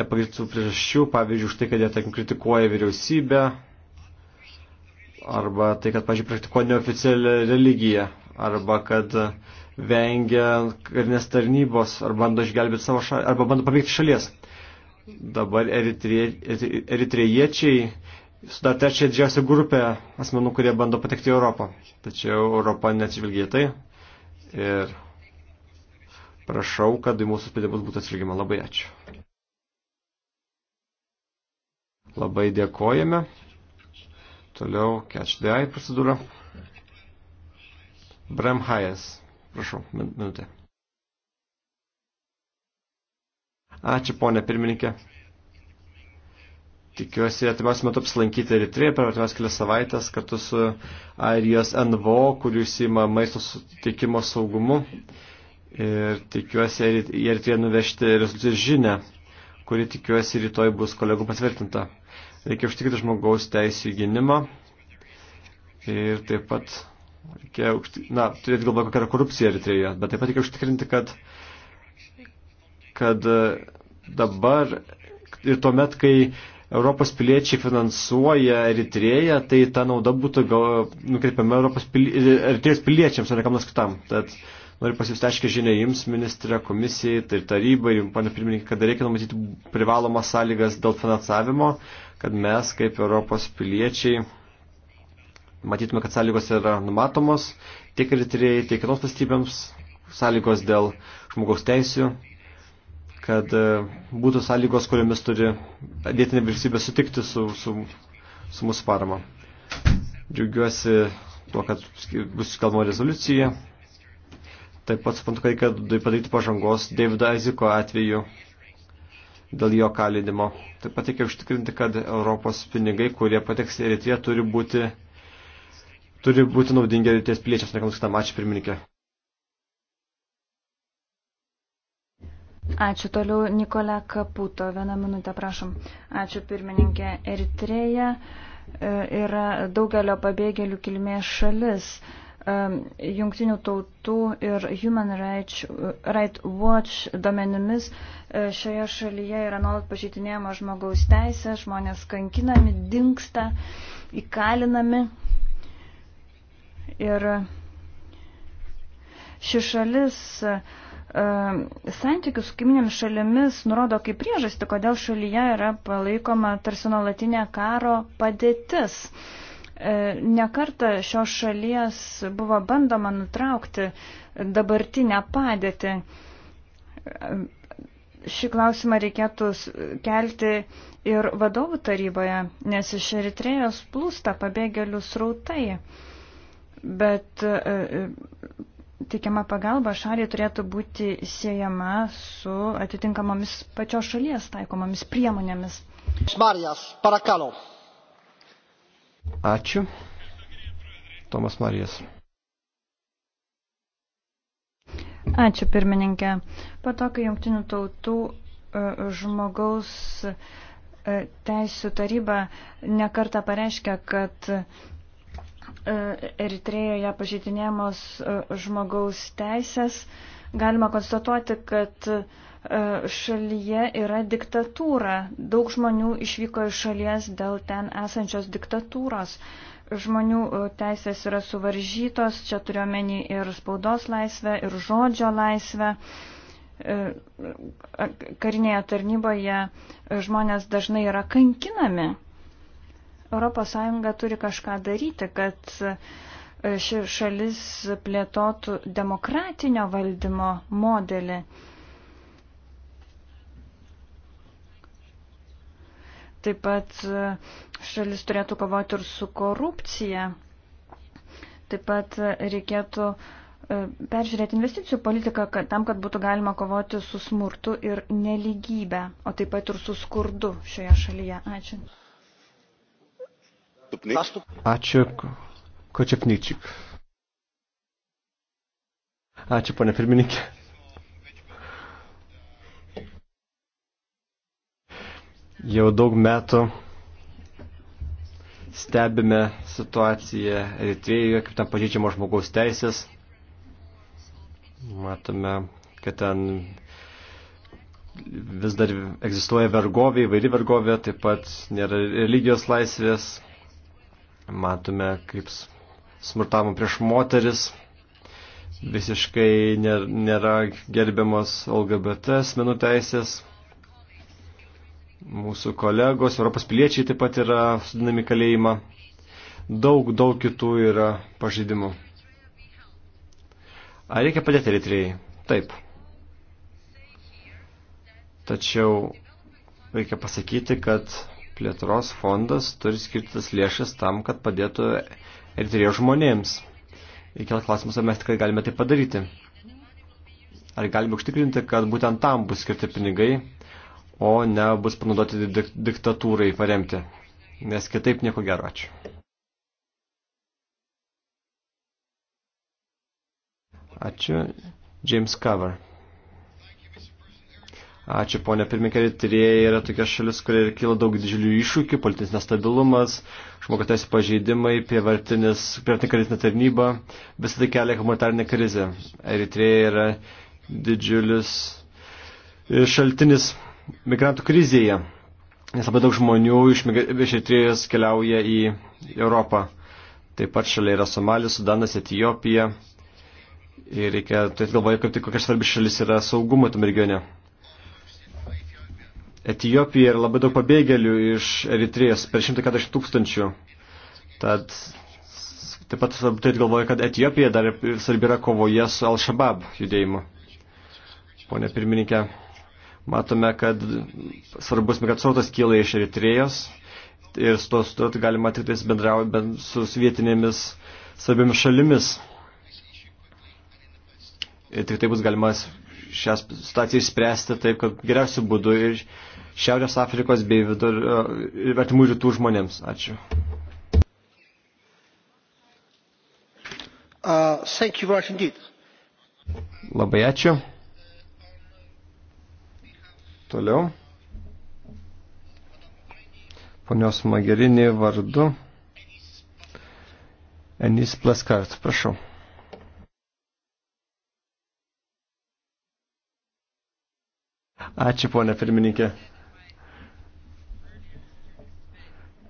nepagrįstų priežasčių, pavyzdžiui, už tai, kad jie tarkim kritikuoja vyriausybę, arba tai, kad, pažiūrėjau, praktikuoja neoficialią religiją, arba kad vengia karinės tarnybos, ar bando išgelbėti savo šalį, arba bando pabėgti šalies. Dabar eritriečiai sudar trečią didžiausią grupę asmenų, kurie bando patekti į Europą. Tačiau Europa neatsižvelgia tai ir prašau, kad į mūsų spėdimus būtų atsižvelgiama. Labai ačiū. Labai dėkojame. Toliau catch the eye procedūra. Bram Hayes. Prašau, minutė. Ačiū, ponė pirmininkė. Tikiuosi atimiausiu metu apsilankyti Eritrėje per atimiausias kelias savaitės kartu su Airijos NVO, kuris įma maisto sutikimo saugumu. Ir tikiuosi į Eritrėje nuvežti rezoliucijos žinę, kuri tikiuosi rytoj bus kolegų patvirtinta. Reikia užtikrinti žmogaus teisų gynimą. Ir taip pat reikia na, turėti galvoje, kokia yra korupcija Eritrėje. Bet taip pat reikia užtikrinti, kad, kad dabar ir tuomet, kai Europos piliečiai finansuoja Eritrėją, tai ta nauda būtų nukreipiama Europos pilie, Eritrėjos piliečiams, o ne kam nors kitam. Tad noriu pasisteiškę žinia jums, ministrė, komisijai, tai tarybai, pane pirmininkai, kad reikia numatyti privalomas sąlygas dėl finansavimo, kad mes kaip Europos piliečiai matytume, kad sąlygos yra numatomos tiek Eritrėjai, tiek kitoms valstybėms, sąlygos dėl žmogaus teisių, kad e, būtų sąlygos, kuriomis turi vietinė vyriausybė sutikti su, su, su mūsų parama. Džiaugiuosi tuo, kad bus kalbama rezoliucija. Taip pat suprantu, kad reikia tai padaryti pažangos Davido Aiziko atveju dėl jo kalidimo. Taip pat reikia užtikrinti, kad Europos pinigai, kurie pateks į Eritriją, turi būti, turi būti naudingi Eritrijos piliečiams, nekam kitam. Ačiū pirmininkė. Ačiū toliau Nikola Kaputo. Vieną minutę prašom. Ačiū pirmininkė. Eritreja e, yra daugelio pabėgėlių kilmės šalis. E, Jungtinių tautų ir Human Rights, Right Watch domenimis e, šioje šalyje yra nuolat pažytinėjama žmogaus teisė, žmonės kankinami, dinksta, įkalinami. Ir ši šalis uh, E, santykius su kaiminėmis šalimis nurodo kaip priežastį, kodėl šalyje yra palaikoma tarsi nuolatinė karo padėtis. E, Nekarta šios šalies buvo bandoma nutraukti dabartinę padėtį. E, šį klausimą reikėtų kelti ir vadovų taryboje, nes iš Eritrėjos plūsta pabėgėlių srautai. Bet teikiama pagalba šaliai turėtų būti siejama su atitinkamomis pačios šalies taikomomis priemonėmis. Marijas, parakalo. Ačiū. Tomas Marijas. Ačiū pirmininkė. Po to, kai jungtinių tautų e, žmogaus e, teisų taryba nekarta pareiškia, kad E, Eritrėjoje pažeidinėjamos e, žmogaus teisės, galima konstatuoti, kad e, šalyje yra diktatūra. Daug žmonių išvyko iš šalies dėl ten esančios diktatūros. Žmonių teisės yra suvaržytos, čia turiuomenį ir spaudos laisvę, ir žodžio laisvę. Karinėje tarnyboje žmonės dažnai yra kankinami. ES turi kažką daryti, kad e, ši šalis plėtotų demokratinio valdymo modelį. Taip pat e, šalis turėtų kovoti ir su korupcija. Taip pat e, reikėtų peržiūrėti investicijų politiką kad, tam, kad būtų galima kovoti su smurtu ir neligybė, o taip pat ir su skurdu šioje šalyje. Ačiū. Ačiū, Kočiapnyčik. Ačiū, ponė pirmininkė. Jau daug metų stebime situaciją Eritrėjoje, kaip ten pažydžiamos žmogaus teisės. Matome, kad ten vis dar egzistuoja vergovė, įvairi vergovė, taip pat nėra religijos laisvės, Matome, kaip smurtavimo prieš moteris visiškai nėra gerbiamos LGBT asmenų teisės. Mūsų kolegos, Europos piliečiai taip pat yra sudinami kalėjimą. Daug, daug kitų yra pažydimų. Ar reikia padėti Eritrėjai? Taip. Tačiau reikia pasakyti, kad plėtros fondas turi skirtas lėšas tam, kad padėtų Eritrėjos žmonėms. Ir kelt klausimus, ar mes tikrai galime tai padaryti. Ar galime užtikrinti, kad būtent tam bus skirti pinigai, o ne bus panaudoti dik diktatūrai paremti. Nes kitaip nieko gero. Ačiū. Ačiū. James Cover. Ačiū, ponė pirmininkė, Eritrėja yra tokia šalis, kurioje kyla daug didžiulių iššūkių, politinis nestabilumas, žmogaus teisų pažeidimai, prievartinė karinė tarnyba, visą tai kelia humanitarinė krizė. Eritrėja yra didžiulis šaltinis migrantų krizėje, nes labai daug žmonių iš, iš Eritrėjos keliauja į Europą. Taip pat šalia yra Somalis, Sudanas, Etijopija. Ir reikia turėti galvoje, kaip tai kokia svarbi šalis yra saugumo tam regione. Etijopija yra labai daug pabėgėlių iš Eritrės, per 140 tūkstančių. Tad taip pat turėti galvoje, kad Etijopija dar svarbi yra kovoje su Al-Shabaab judėjimu. Pone pirmininkė, matome, kad svarbus migracijos kyla iš Eritrėjos ir su to sudėti galima tik tais bendrauti bent su vietinėmis svarbiomis šalimis. Ir tik tai bus galima šią situaciją išspręsti taip, kad geriausių būdų ir Šiaurės Afrikos bei vidurio e, ir artimų rytų žmonėms. Ačiū. Uh, thank you very much indeed. Labai ačiū. Toliau. Ponios Magerinį vardu. Enis Plaskart, prašau. Ačiū, ponė pirmininkė.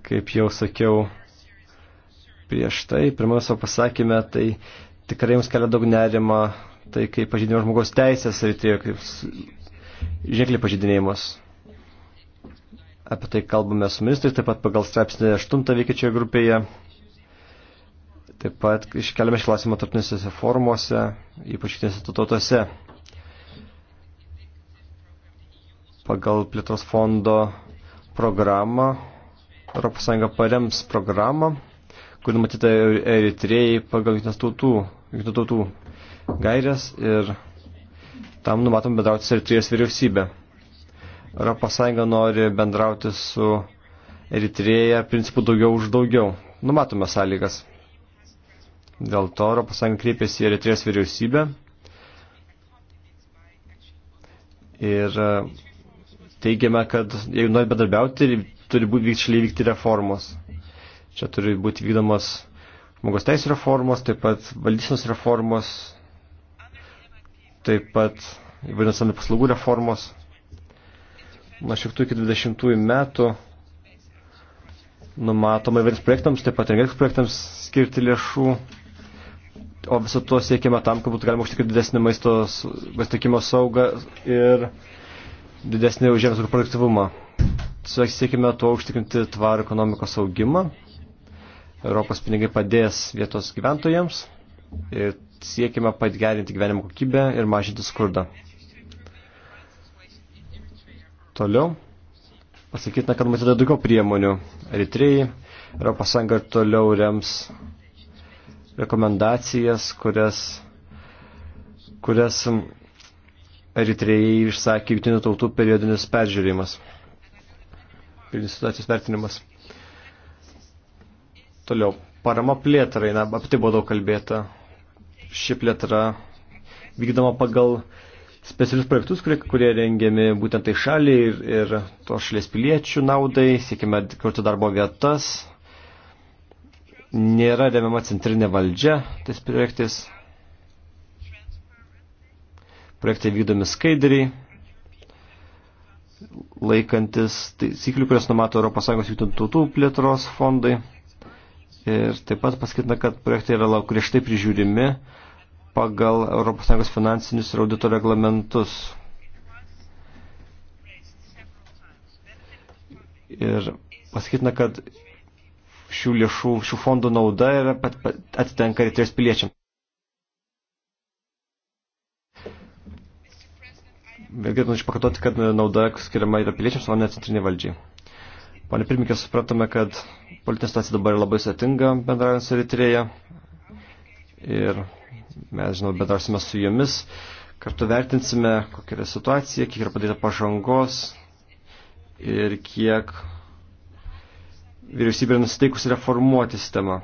Kaip jau sakiau prieš tai, pirmame savo pasakymę, tai tikrai jums kelia daug nerima, tai kaip pažydinimo žmogaus teisės rytėje, kaip ženkliai pažydinėjimas. Apie tai kalbame su ministrais, taip pat pagal straipsnį 8 veikiačioje grupėje. Taip pat iškeliame šį klausimą tarptautinėse formuose, ypač kitinėse tautose. Pagal plėtros fondo programą ES parems programą, kuri matyta Eritrėjai pagal jungtinių tautų, jungtinių tautų gairias ir tam numatom bendrauti su Eritrėjos vyriausybė. ES nori bendrauti su Eritrėja principų daugiau už daugiau. Numatome sąlygas. Dėl to ES kreipėsi į Eritrėjos vyriausybę ir teigiame, kad jeigu nori bedarbiauti, turi būti šalyje vykti reformos. Čia turi būti vykdomas žmogaus teisų reformos, taip pat valdysinos reformos, taip pat įvairios paslaugų reformos. Nuo šiek tiek iki 20 metų numatoma įvairiams projektams, taip pat energetikos projektams skirti lėšų, o viso to siekiama tam, kad būtų galima užtikrinti didesnį maisto, maisto saugą ir didesnį žemės produktivumą siekime tuo užtikrinti tvarų ekonomikos augimą. Europos pinigai padės vietos gyventojams ir siekime padgerinti gyvenimo kokybę ir mažinti skurdą. Toliau pasakytina, kad matėte daugiau priemonių. Eritrėjai, Europos Sąjunga ir toliau rems rekomendacijas, kurias, kurias Eritrėjai išsakė jungtinių tautų periodinis peržiūrėjimas juridinės situacijos vertinimas. Toliau, parama plėtrai, na, apie tai buvo daug kalbėta. Ši plėtra vykdoma pagal specialius projektus, kurie, kurie rengiami būtent tai šaliai ir, ir to šalies piliečių naudai, siekime kurti darbo vietas, nėra remiama centrinė valdžia tais projektais, projektai vykdomi skaidriai laikantis taisyklių, kurias numato ES jungtinių tautų plėtros fondai. Ir taip pat paskirtina, kad projektai yra griežtai prižiūrimi pagal ES finansinius ir audito reglamentus. Ir pasakytina, kad šių lėšų, šių fondų nauda yra pat, pat atitenka ir ties piliečiam. Vėlgi norėčiau pakartoti, kad nauda skiriama yra piliečiams, o ne centriniai valdžiai. Pane pirmininkė, supratome, kad politinė situacija dabar labai sėtinga bendraujant su Eritrėja. Ir mes, žinau, bendrausime su jumis, kartu vertinsime, kokia yra situacija, kiek yra padaryta pažangos ir kiek vyriausybė yra nusiteikusi reformuoti sistemą.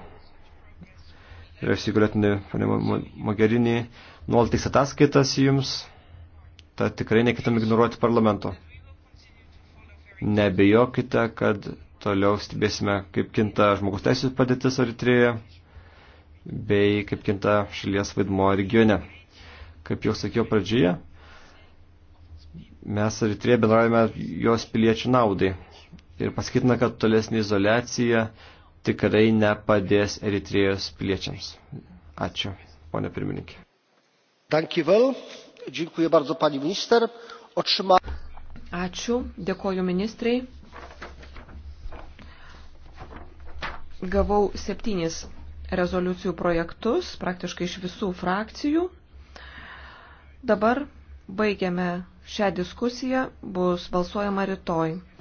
Vyriausybė galėtų, pane Mogherini, nuolat teiks ataskaitas jums tad tikrai nekitam ignoruoti parlamento. Nebejokite, kad toliau stebėsime, kaip kinta žmogus teisės padėtis Eritrėje bei kaip kinta šalies vaidmo regione. Kaip jau sakiau pradžioje, mes Eritrėje bendravime jos piliečių naudai ir pasakytume, kad tolesnė izolacija tikrai nepadės Eritrėjos piliečiams. Ačiū, ponė pirmininkė. Thank you well. Dziękuję bardzo pani minister. Otrzyma... Ačiū, dėkoju ministrai. Gavau septynis rezoliucijų projektus praktiškai iš visų frakcijų. Dabar baigiame šią diskusiją, bus balsuojama rytoj.